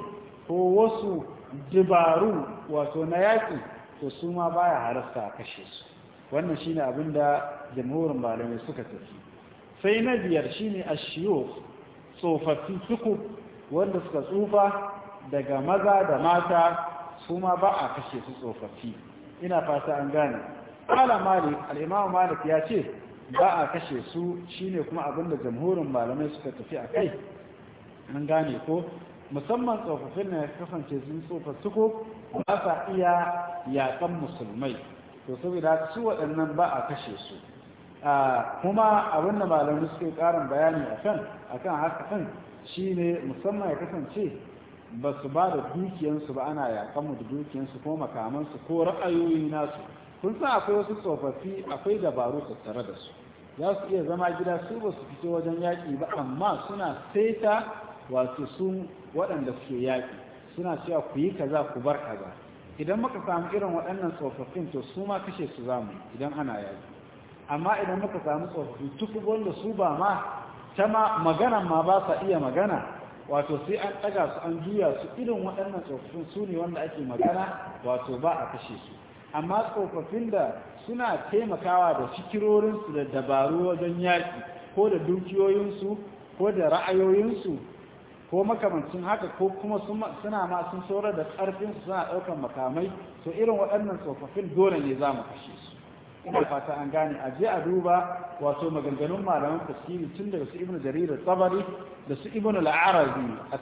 ko wasu dabaru wato na yaƙi to su ma baya harasta a kashe su wannan shine abin da jamhurin malamai suka tafi sai na biyar shine ashiyo tsofaffi tuku wanda suka tsufa daga maza da mata su ma ba a kashe su tsofaffi ina fata an gane ala malik ya ce ba a kashe su shine kuma abin da jamhurin malamai suka tafi a kai an gane ko musamman tsofaffin na kasance sun tsofaffi ko ba sa iya yakan musulmai to saboda su waɗannan ba a kashe su kuma abin da malamai suke ƙarin bayani a kan akan haka kan shine musamman ya kasance ba su ba da dukiyansu ba ana yakan mu da dukiyansu ko makamansu ko ra'ayoyi nasu kun san akwai wasu tsofaffi akwai dabaru tattare da su za su iya zama gida su ba su fito wajen yaƙi ba amma suna saita wato sun waɗanda suke yaƙi suna cewa ku yi kaza ku bar kaza idan muka samu irin waɗannan tsofaffin to su ma kashe su zamu idan ana yaƙi amma idan muka samu tsofaffi tuku wanda su ba ma ta ma magana ma ba sa iya magana wato sai an ɗaga su an juya su irin waɗannan tsofaffin su ne wanda ake magana wato ba a kashe su amma tsofaffin da suna taimakawa da fikirorinsu da dabaru wajen yaƙi ko da dukiyoyinsu ko da ra'ayoyinsu ko makamancin haka ko kuma suna masu sun saurar da ƙarfinsu suna ɗaukar makamai to irin waɗannan tsofaffin dole ne za mu kashe su ina fata an gane a je a duba wato maganganun malaman fasiri tun daga su ibnu jarir tabari da su ibnu al a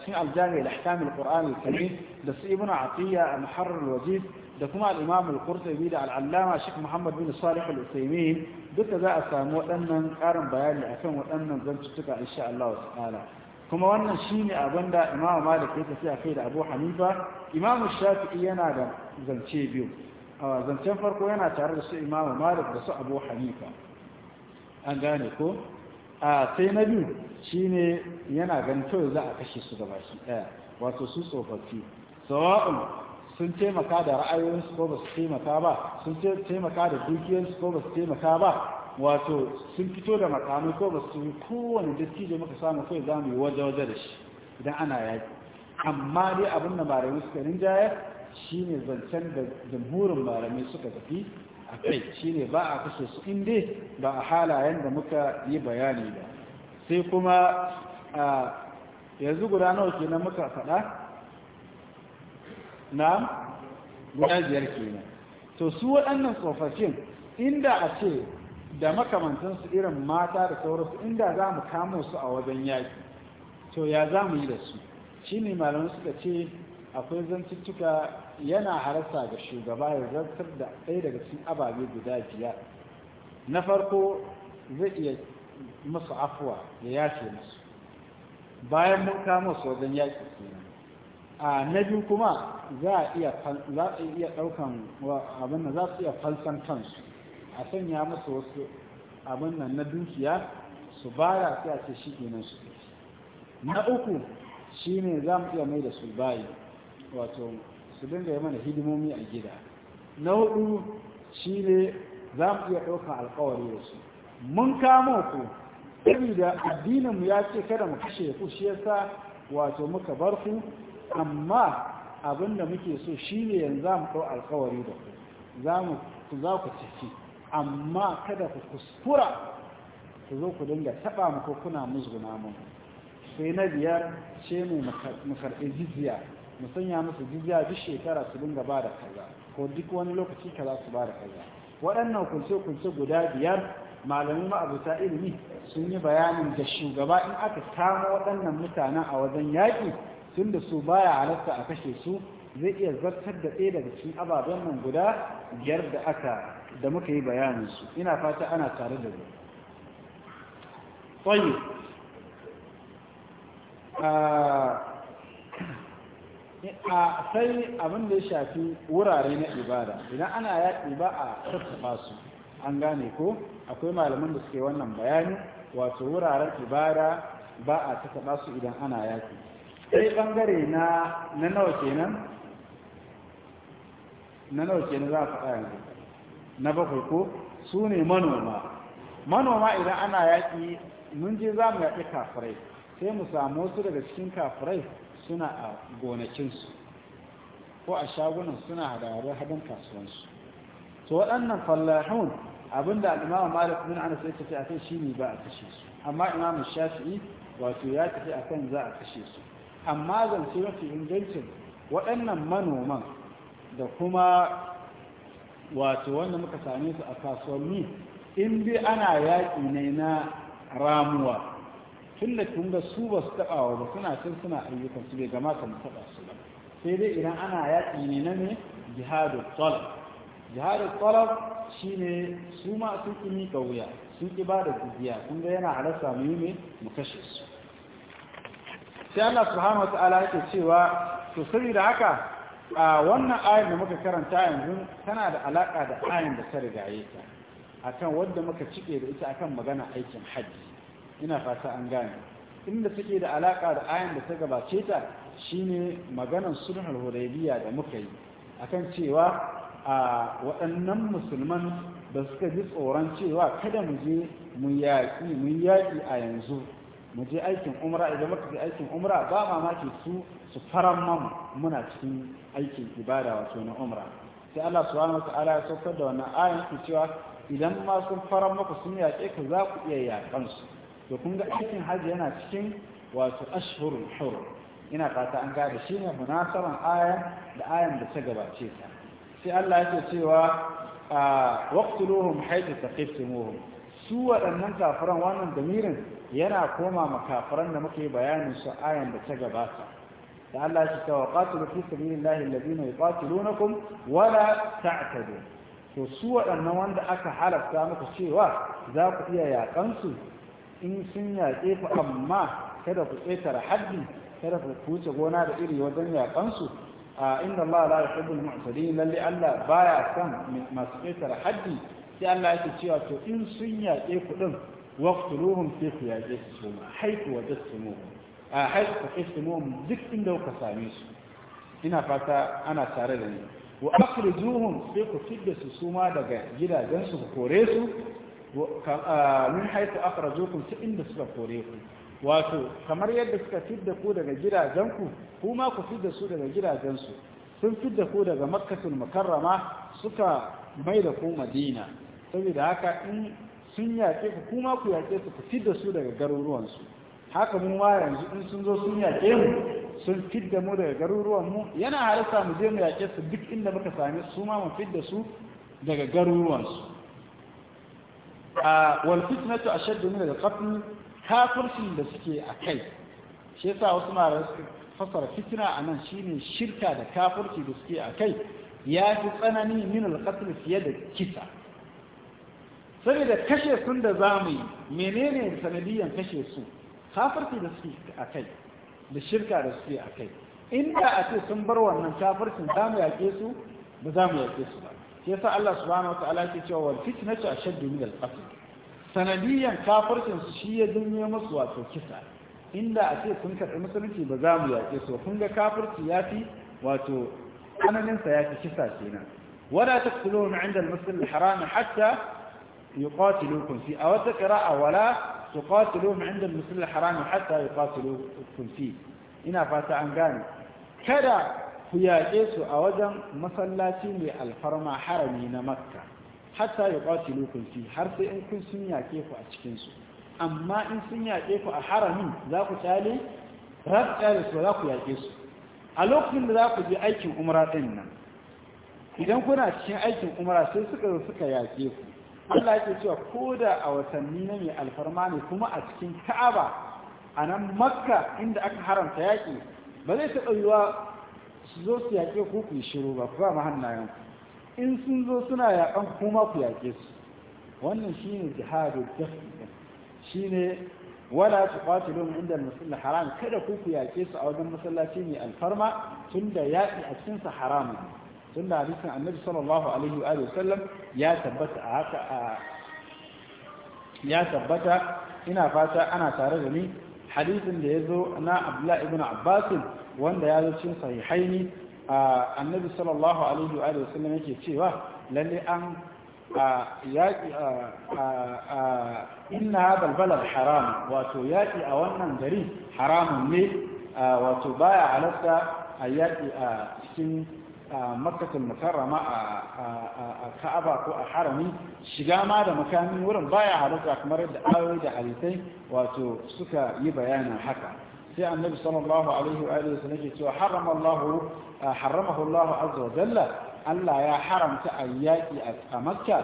cikin al-jami' al-ahkam al karim da su ibnu atiya al-muharrar al da kuma al-imam al-qurtubi da al-allama muhammad bin salih al duka za a samu waɗannan ƙarin bayani akan waɗannan zantuttuka insha Allah ta'ala kuma wannan shine abin da imam malik ya tafi kai da abu hanifa imam shafi'i yana da zance biyu zancen farko yana tare da su imam malik da su abu hanifa an gane ko a sai na biyu shine yana ganin kawai za a kashe su gaba shi ɗaya wato su tsofaffi sawa'un sun taimaka da ra'ayoyinsu ko ba su taimaka ba sun taimaka da dukiyarsu ko ba su taimaka ba wato sun fito da makamai ko ba su yi kowane dattijo muka samu kai za mu yi waje-waje da shi idan ana yaƙi amma dai abin da malamai suka rinjaya shi ne zancen da jamhurin malamai suka tafi a kai shi ne ba a kashe su inda ba a halayen da muka yi bayani ba sai kuma yanzu guda nawa kenan muka faɗa na guda biyar kenan to su waɗannan tsofaffin inda a ce da makamantansu irin mata da sauransu inda za mu kamo su a wajen yaki to ya za mu yi da su shi ne malamai suka ce akwai zantuttuka yana harasa ga shugaba ya zartar da ɗaya daga cikin ababe guda biyar na farko zai iya musu afuwa ya yace musu bayan mun kama su wajen yaƙi kenan a na biyu kuma za a iya ɗaukan abin da za su iya falsan kansu a sanya musu wasu abin nan na dukiya su baya sai a ce shi kenan su na uku shi ne za mu iya mai da su bayi wato su dinga yi mana hidimomi a gida na hudu shi ne za mu iya ɗaukan alkawari da su mun kamo ku saboda addininmu ya ce kada mu kashe ku shi yasa wato muka bar ku amma abin da muke so shi ne yanzu za mu ɗau alkawari da ku za ku ciki amma kada ku kuskura ku zo ku dinga taɓa mu ko kuna musguna namu. sai na biyar ce mu karɓi jizya mu sanya musu jizya duk shekara su dinga ba da kaza ko duk wani lokaci kaza su ba da kaza waɗannan kunce-kunce guda biyar malamai ma'abuta ilimi sun yi bayanin da shugaba in aka kama waɗannan mutanen a wajen yaƙi tun da su ba ya halatta a kashe su zai iya zartar da ɗaya daga cikin ababen mun guda biyar da aka da muka yi bayanin su ina fata ana tare da ni tsayi a sai abin da ya shafi wurare na ibada idan ana yaƙi ba a sassafa su an gane ko akwai malaman da suke wannan bayani wato wuraren ibada ba a tattaɓa su idan ana yaƙi sai bangare na na nawa kenan na nawa kenan za ka tsaya yanzu na bakwai ko su ne manoma manoma idan ana yaƙi mun je za mu yaƙi kafirai sai mu samu wasu daga cikin kafirai suna a gonakinsu ko a shagunan suna hadarar hadan kasuwansu to waɗannan fallahun abinda al'imama malik bin anas ya tafi akan shi ne ba a kashe su amma imamu shafi'i wato ya tafi akan za a kashe su amma zance mafi ingancin waɗannan manoman da kuma wato wanda muka same su a kasuwanni in bi ana yaƙi ne na ramuwa tun da tun da su ba su wa ba suna cin suna ayyukan su bai gamata mu taɓa su ba sai dai idan ana yaƙi ne na ne jihadul jihadu jihadul shi ne su ma sun ƙi miƙa wuya sun ƙi ba da jizya kun ga yana halarta mu yi ne mu kashe su sai Allah subhanahu wata'ala yake cewa to saboda haka a wannan ayin da muka karanta yanzu tana da alaka da ayin da ta rigaye ta akan wanda muka cike da ita akan magana aikin haji ina fata an gane inda take da alaka da ayin da ta gabace ta shine maganar sulhul hudaybiya da muka yi akan cewa a waɗannan musulman da suka ji tsoron cewa kada mu je mu yaƙi mu yaƙi a yanzu mu je aikin umra idan muka je aikin umra ba mamaki su su faran man muna cikin aikin ibada wato na umra sai Allah subhanahu wataala ya saukar da wannan ayan ku cewa idan ma sun faran maku sun yaƙe ka za ku iya yaƙan su to kun ga aikin hajji yana cikin wato ashhurul hur ina fata an gada shine munasaran ayan da ayan da ta gabace ta sai Allah yake cewa ah, waqtuluhum haythu taqiftumuhum su waɗannan kafiran wannan damirin yana koma makafiran da muke bayanin su ayan da ta gabata da Allah shi ta waqatilu fi sabilillahi alladhina yuqatilunakum wa la ta'tadu to su waɗannan wanda aka halarta muku cewa za ku iya yakan su in sun yaƙe ku amma kada ku ƙetare haddi kada ku kuce gona da iri wajen yakan su a inda Allah la yuhibbul mu'tadin lalle Allah baya san masu ƙetare haddi sai Allah yake cewa to in sun yaƙe ku din waqtuluhum fi qiyajikum haythu wajadtumuhum a haythu taqistumuhum duk inda kuka same su ina fata ana tare da ni wa akhrijuhum sai ku fidda su suma daga gidajen su kore su min haythu akhrajukum ta inda suka kore ku wato kamar yadda suka fidda ku daga gidajen ku kuma ku fidda su daga gidajen sun fidda ku daga makkatul mukarrama suka mai da ku madina saboda haka in sun yaƙe ku kuma ku yaƙe su ku fidda su daga garuruwansu haka mu ma yanzu in sun zo sun yaƙe mu sun fidda mu daga garuruwan mu yana halitta mu je mu yaƙe su duk inda muka same su ma mu fidda su daga garuruwansu a wal fitnatu ashaddu min al-qatl kafircin da suke a kai shi yasa wasu ma suka fasara fitna anan shine shirka da kafirci da suke a kai ya fi tsanani min al-qatl fiye da kisa da kashe sun da za menene sanadiyan kashe su kafirci da suke a kai da shirka da suke a kai inda a ce sun bar wannan kafircin za mu yaƙe su ba za mu yaƙe su ba shi sa Allah subhanahu wata'ala ke cewa wal fitnatu ashaddu min al qatl sanadiyan kafircin su shi ya dinne musu wato kisa inda a ce sun karɓi musulunci ba za mu yaƙe su kun ga kafirci ya fi wato tsananinsa ya fi kisa kenan wala taqtuluhum 'inda al-masjid al-haram hatta yuqatilukum fi a wata qira'a wala tuqatiluhum 'inda al-masjid al-haram hatta yuqatilukum ina fata an gane kada ku yaƙe su a wajen masallaci mai alfarma harami na makka hatta yuqatilukum fi har sai in sun yaƙe ku a cikin amma in sun yaƙe ku a haramin za ku tsale rakkar su ku yaƙe su a lokacin da za ku je aikin umra ɗin nan idan kuna cikin aikin umra sai suka zo suka yaƙe ku Allah yake cewa ko da a watanni na mai alfarma ne kuma a cikin ka'aba a nan makka inda aka haramta yaƙi ba zai taɓa yiwa su zo su yaƙe ku ku shiru ba ku ba hannayen in sun zo suna yaƙan kuma ku yaƙe su wannan shi ne jihadu dafi ne wala tuqatilun inda al haram kada ku ku yaƙe su a wajen masallaci mai alfarma tunda yaƙi a cikinsa haramun sunna hadisin annabi sallallahu alaihi wa sallam ya tabbata a haka a ya tabbata ina fata ana tare da ni hadisin da ya zo na abdullahi ibn abbas wanda ya zo cikin sahihaini annabi sallallahu alaihi wa sallam yake cewa lalle an yaƙi a inna hadal balad haram wato yaƙi a wannan gari haramun ne wato baya halarta a yaƙi a cikin makasar mukarrama a ka'aba ko a harami shiga ma da makami wurin baya halitta kamar da ayoyi da halittai wato suka yi bayanin haka sai annabi sallallahu alaihi wa alihi sallallahu cewa harama Allah harama Allah azza wa jalla Allah ya haramta ayyaki a makka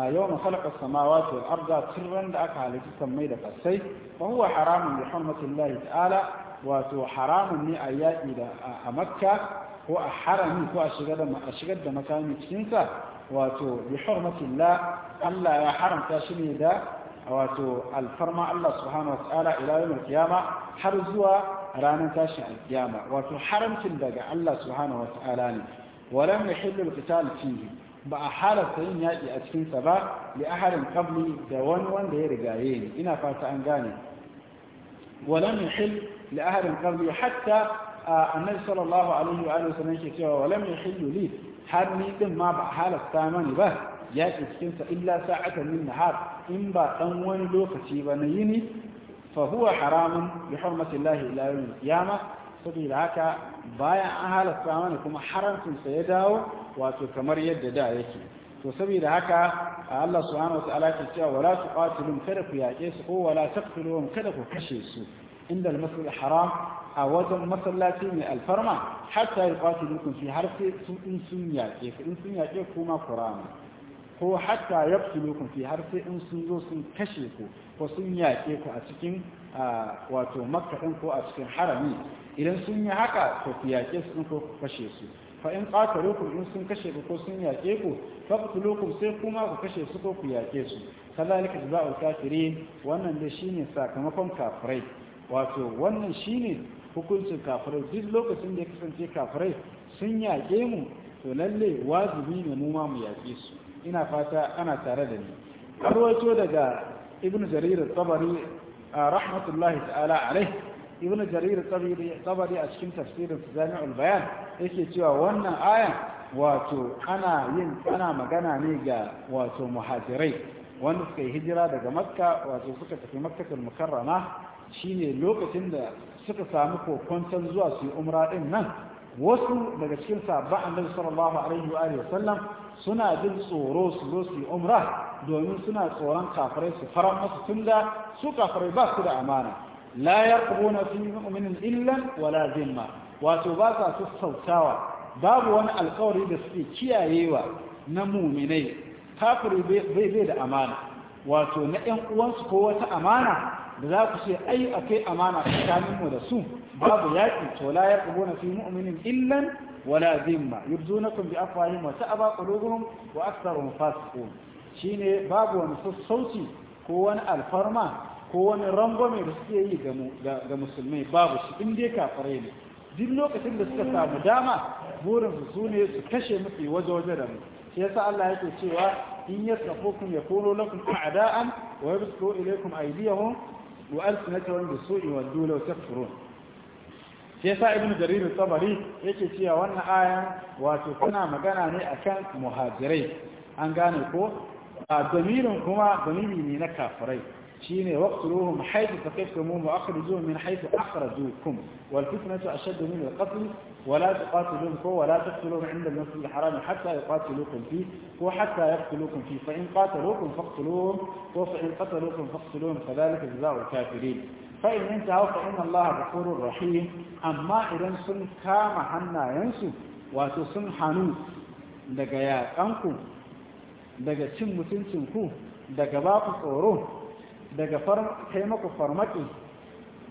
a yawan khalaqa samawati wal arda tirran da aka halitta sammai da fasai fa huwa haramun bi ta'ala wato haramun ne ayyaki da a makka ko a harami ko a shigar da makami cikinsa wato bi hurmatillah Allah ya haramta shi ne da wato alfarma Allah subhanahu wa ta'ala ila yawmil qiyama har zuwa ranar tashin alkiyama wato haramcin daga Allah subhanahu wa ta'ala ne walam yahillu alqital fihi ba a halarta yin yaƙi a cikinsa ba li aharin qabli da wani wanda ya rigaye ni ina fata an gane walam yahil li aharin qabli hatta annabi sallallahu alaihi wa sallam ke cewa walam yahillu li har ni din ma ba halasta mani ba ya ce cikin sa illa sa'ata min nahar in ba dan wani lokaci ba na yini fa huwa haramun bi hurmati Allah ila yawm qiyama saboda haka bayan an halasta mani kuma haramcin sa ya dawo wato kamar yadda da yake to saboda haka Allah subhanahu wataala ke cewa wala tuqatilum kada ku yaƙe su ko wala taqtuluhum kada ku kashe su inda al-masjid haram a wajen masallaci mai alfarma hatta ya kwace nukun shi har sai su in sun yaƙe ku in sun yaƙe ku ma kurama ko hatta ya fi nukun shi har sai in sun zo sun kashe ku ko sun yaƙe ku a cikin wato makaɗin ko a cikin harami idan sun yi haka ko ku yaƙe su in ko ku kashe su fa in ku in sun kashe ku ko sun yaƙe ku faqtulukum sai kuma ku kashe su ko ku yaƙe su kadhalika jazaa'ul kafirin wannan dai shine sakamakon kafirai wato wannan shine hukuncin kafirai duk lokacin da ya kasance kafirai sun yaƙe mu to lalle wajibi ne mu ma mu yaƙe su ina fata ana tare da ni wato daga ibn jarir tabari a rahmatullahi ta'ala alaih ibn jarir tabari a cikin tafsirin jami'ul bayan yake cewa wannan aya wato ana yin ana magana ne ga wato muhajirai wanda suka yi hijira daga makka wato suka tafi al mukarrama shine lokacin da suka samu kokonton zuwa su yi umra din nan wasu daga cikin sabon annabi sallallahu alaihi wa alihi suna jin tsoro su zo su yi umra domin suna tsoron kafirai su fara masu tunda su kafirai ba su da amana la yarqubuna fi mu'minin illan wala zimma wato ba sa su sautawa babu wani alkawari da suke kiyayewa na muminai kafiri bai da amana wato na 'yan uwansu ko wata amana da za ku ce ai akai amana tsakanin mu da su babu yaki to la yaqbuna fi mu'minin illan wala zimma yurzunakum bi afwahihim wa ta'aba qulubuhum wa aktharuhum fasiqun shine babu wani sassauci ko wani alfarma ko wani rangwame da suke yi ga musulmai babu shi in dai kafare ne duk lokacin da suka samu dama burin su su su kashe musu waje waje da mu shi yasa Allah yake cewa in yasrafukum yakunu lakum a'da'an wa yabsutu ilaykum aydiyahum wa alsinatahum bisu'i wal dula wa takfurun shi yasa ibnu jaririn tsabari? yake cewa wannan aya wato kuna magana ne akan muhajirai an gane ko a damirin kuma damiri ne na kafirai شين واقتلوهم حيث ثقفتموهم واخرجوهم من حيث اخرجوكم والفتنه اشد من القتل ولا تقاتلوهم ولا تقتلوهم عند المسجد الحرام حتى يقاتلوكم فيه وحتى يقتلوكم فيه فان قاتلوكم فاقتلوهم وفان قتلوكم فاقتلوهم فذلك جزاء الكافرين فإن انتهوا فإن الله غفور رحيم أما إذا سن كام حنا ينسو وتسن حنو daga yaƙanku daga cin mutuncinku daga baku tsoro daga kai maku farmaki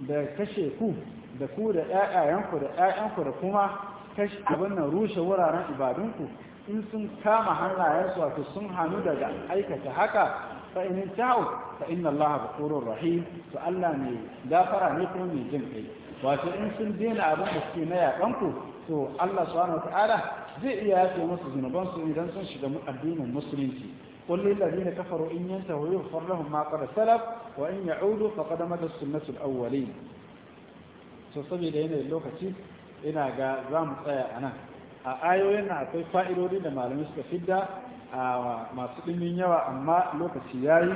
da kashe ku da ku da ƴaƴayenku da ƴaƴanku da kuma kashe abin nan rushe wuraren ibadunku in sun kama hannayensu wato sun hannu daga aikata haka fa in ta'u fa inna Allah ghafurur rahim to Allah ne gafara ne kuma mai jin kai wato in sun dena abin da suke na yakanku to Allah subhanahu wataala zai iya yake musu zunubansu idan sun shiga addinin musulunci قل للذين كفروا إن ينتهوا يغفر لهم ما قد سلف وإن يعودوا فقد مدى السنة الأولين تصبي لنا اللوكة إنا قام أنا a ayoyin na akwai fa'idodi da malamai suka fidda a masu ɗimin yawa amma lokaci ya yi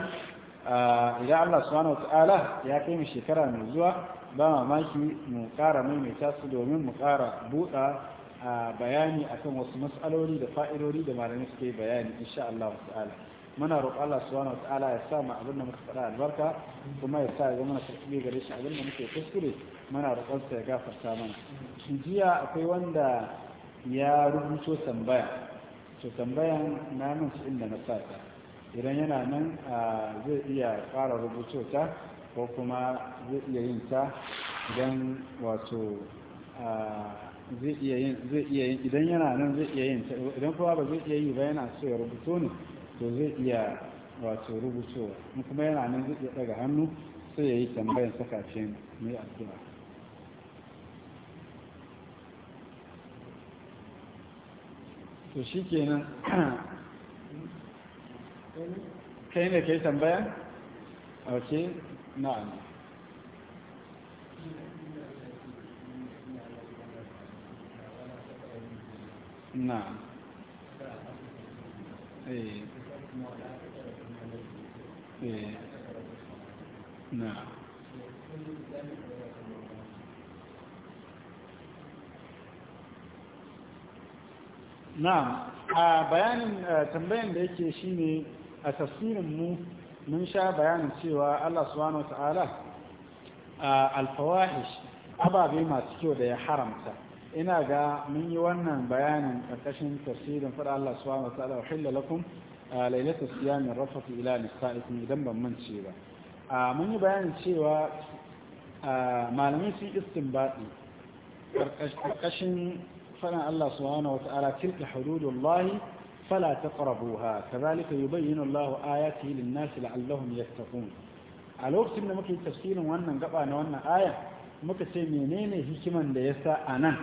idan Allah subhanahu wata'ala ya kai mu shekara mai zuwa ba mamaki mu ƙara maimaita su domin mu ƙara buɗa a bayani akan wasu matsaloli da fa'irori da malamai suke bayani insha Allah ta'ala muna roƙon Allah subhanahu ta'ala ya sa ma abin da muka faɗa albarka kuma ya sa ya mana karɓi gare shi abin da muke kuskure muna roƙon sa ya gafarta mana jiya akwai wanda ya rubuto tambaya to tambayan na nan su inda na sa idan yana nan zai iya fara rubuto ta ko kuma zai iya yin ta idan wato zai iya yin idan yana nan zai iya yin idan kowa ba zai iya yi ba yana so ya rubuto ne to zai iya wato rubutowa in kuma yana nan zai iya daga hannu sai ya yi tambayan sakacin mai addu'a to shi kenan kai ne ka yi tambaya? ok na'am Na eh bayanin eh. a bayanin eh, tambayan da yake shine a tafsirin mu mun sha bayanin cewa Allah subhanahu wa ta'ala eh, alfawahish ababe masu kyau da ya haramta ina ga mun yi wannan bayanin ƙarƙashin tafsirin fada Allah subhanahu wa ta'ala wa hilla lakum lailatul rafatu ila nisaikum idan ban mance ba mun yi bayanin cewa malamin sun istinbaɗi Ƙarƙashin fadan Allah subhanahu wa ta'ala tilka hududullah fala zalika yi yubayyinu Allahu ayatihi lin-nasi la'allahum yattaqun a lokacin da muke tafsirin wannan gaba na wannan aya muka ce menene hikiman da ya sa a nan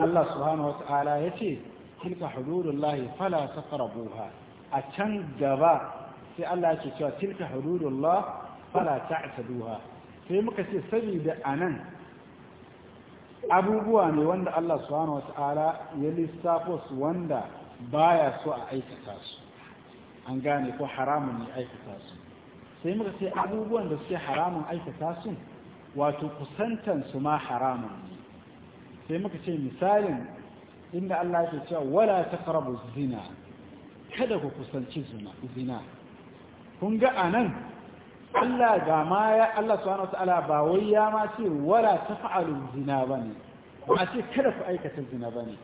Allah subhanahu wata'ala ya ce tilka hududullahi fala taqrabuha a can gaba sai Allah ya ce cewa tilka hududullah fala ta'taduha sai muka ce saboda anan abubuwa ne wanda Allah subhanahu wata'ala ya lissafo su wanda baya so a aikata su an gane ko haramun ne aikata su sai muka ce abubuwan da suke haramun aikata su wato kusantan su ma haramun sai muka ce misalin inda Allah ya cewa wala taqrabu zina kada ku kusanci zina kun ga anan Allah ga ma ya Allah subhanahu wataala ba wai ya ma ce wala taf'alu zina bane ba ce kada ku aikata zina bane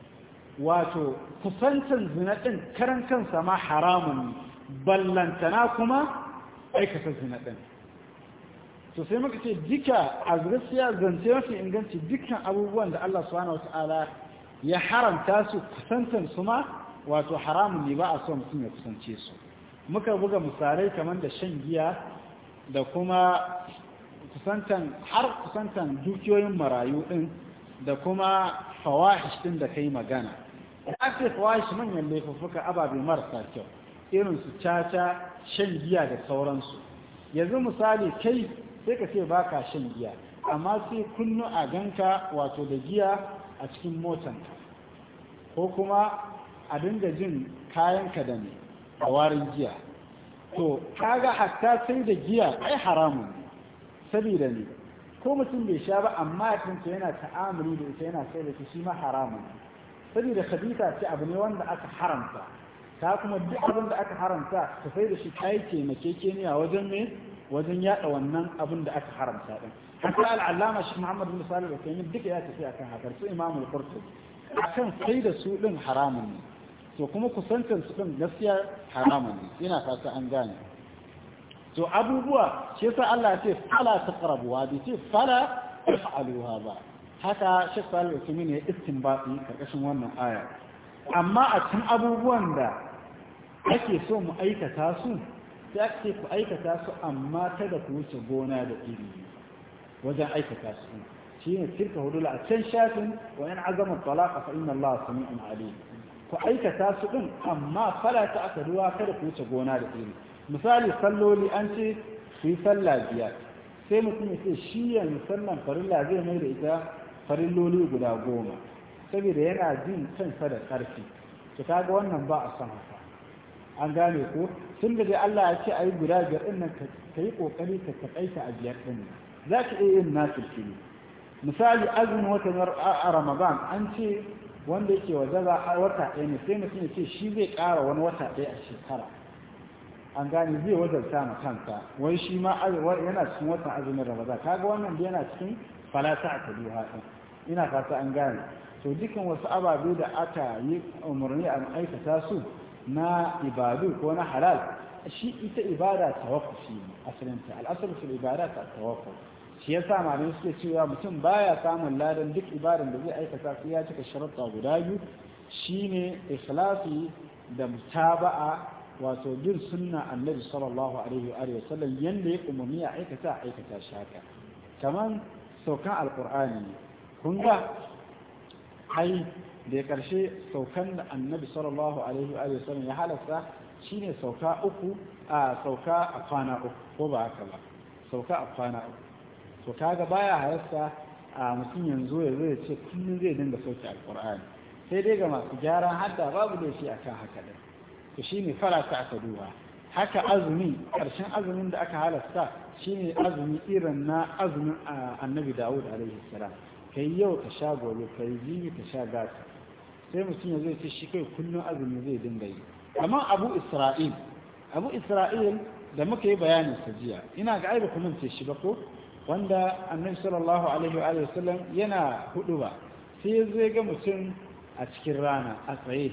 wato kusantan zina din karan kansa ma haramun ballantana kuma aikata zina din to sai muka ce duka a gaskiya zance mafi inganci dukkan abubuwan da Allah subhanahu wata'ala ya haramta su kusantan su ma wato haramun ne ba a so mutum ya kusance su muka buga misalai kamar da shan giya da kuma kusantan har kusantan dukiyoyin marayu din da kuma fawahish din da kai magana a ake fawahish manyan laifuka ababe marasa kyau irin su caca shan giya da sauransu yanzu misali kai sai ka ce ba ka shan giya amma sai kunnu a ganka wato da giya a cikin motan ko kuma a dinga jin kayanka da ne a warin giya to kaga hatta sai da giya ai haramun ne saboda ne ko mutum bai sha ba amma tunta yana ta'amuli da ita yana sai da shi ma haramun saboda khabita ce abu ne wanda aka haramta ta kuma duk abin da aka haramta ta sai da shi kai ke makekeniya wajen ne. wajen yada wannan abin da aka haramta din haka al'allama shi Muhammad bin Salih al-Kaimin duka ya tafi akan haka su Imam al-Qurtubi akan sai da su din haramun ne to kuma kusantar su din gaskiya haramun ne ina fata an gane to abubuwa shi yasa Allah ya ce fala taqrabu wa bi ce fala taf'aluha ba haka shi Salih al-Kaimin ya istinbati karkashin wannan aya amma a cikin abubuwan da ake so mu aikata su sai aka ku aikata su amma kada ku wuce gona da iri wajen aikata su shi ne tilka hudula a can shafin wa yan azama talaka fa inna Allah sami'un alim ku aikata su din amma fara ta aka ruwa kada ku wuce gona da iri misali salloli an ce su yi sallah biyar sai mutum ya ce shi yanzu sannan farilla zai mai da ita farilloli guda goma saboda yana jin kansa da ƙarfi to kaga wannan ba a san haka an gane ko tun da Allah ya ce ayi guda biyar din nan ka yi kokari ka takaita a biyar din za ka iya yin nasu fili misali azumin watan a ramadan an ce wanda yake wajaba a wata ɗaya ne sai mutum ya ce shi zai ƙara wani wata ɗaya a shekara an gane zai wajarta ma kansa wai shi ma yana cikin watan azumin ramadan kaga wannan da yana cikin falata a kaduha ina fata an gane to dukan wasu ababe da aka yi umarni a aikata su na ibadu ko na halal shi ita ibada tawaffufi ne asalinta al'asar fil ibada ta tawaffuf shi yasa malamai suke cewa mutum baya samun ladan duk ibadan da zai aikata sai ya cika sharuɗa guda biyu shine ikhlasi da mutaba'a wato bin sunna annabi sallallahu alaihi wa sallam yanda ya umarni a aikata aikata shaka kaman saukan alqur'ani kun ga ai da karshe saukan da annabi sallallahu alaihi wa sallam ya halasta shine sauka uku a sauka a kwana uku ko ba haka ba sauka a kwana uku to kaga baya halasta a mutum yanzu ya zo ya ce kullum zai dinga sauke alqur'ani sai dai ga masu gyaran hadda babu da shi akan haka din to shine ta aka duba haka azumi karshen azumin da aka halasta shine azumi irin na azumin annabi Dawud alaihi salam kai yau ka sha gobe kai jibi ka sha gasa sai mutum ya zai ce shi kai kullum azumi zai dinga yi amma abu isra'il abu isra'il da muka yi bayanin jiya ina ga aida kuma ce shi ba ko wanda annabi sallallahu alaihi wa sallam yana hudu ba sai zai ga mutum a cikin rana a tsaye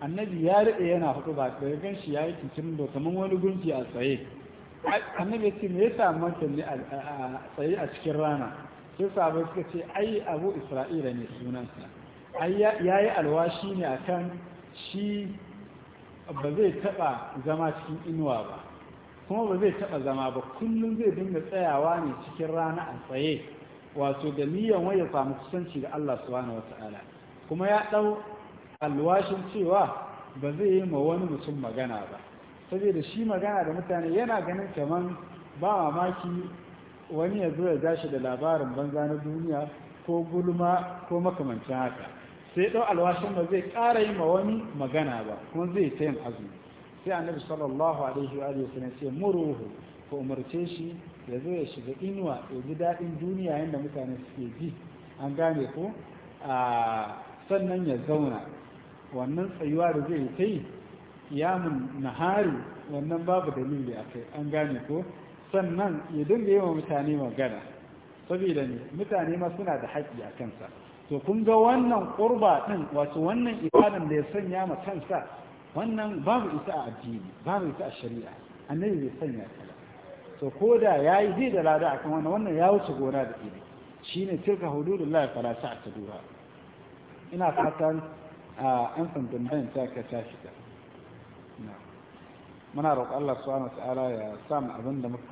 annabi ya rike yana hudu ba daga gan shi yayi cikin da kaman wani gunki a tsaye annabi ce me yasa mutum ne a tsaye a cikin rana sai sabai suka ce ai abu isra'ila ne sunansa ya yi alwashi ne a kan shi ba zai taɓa zama cikin inuwa ba kuma ba zai taɓa zama ba kullum zai dinga tsayawa ne cikin rana a tsaye wato da miyan waya samu kusanci da Allah subhanahu wata'ala kuma ya ɗau alwashin cewa ba zai yi ma wani mutum magana ba saboda shi magana da mutane yana ganin kamar ba mamaki wani ya zo ya gashi da labarin banza na duniya ko gulma ko makamancin haka sai ɗau alwashin ba zai ƙara yi ma wani magana ba kuma zai ta yin azumi sai annabi sallallahu alaihi wa sallam ce muruhu ko umarce shi ya zo ya shiga inuwa ya ji daɗin duniya yadda mutane suke ji an gane ko a sannan ya zauna wannan tsayuwa da zai ta yi kiyamun nahari wannan babu dalili a kai an gane ko sannan ya dinga yi wa mutane magana saboda ne mutane ma suna da haƙƙi a kansa to kun ga wannan ƙurba ɗin wato wannan ibadan da ya sanya ma kansa wannan babu ita a addini babu ita a shari'a annabi bai sanya ta to ko da yayi yi zai da lada akan wannan wannan ya wuce gona da ido shine tilka hududullahi fala ta'tuduha ina fatan an san dandan ta ka ta shiga muna roƙon Allah subhanahu wa ta'ala ya samu abin da muka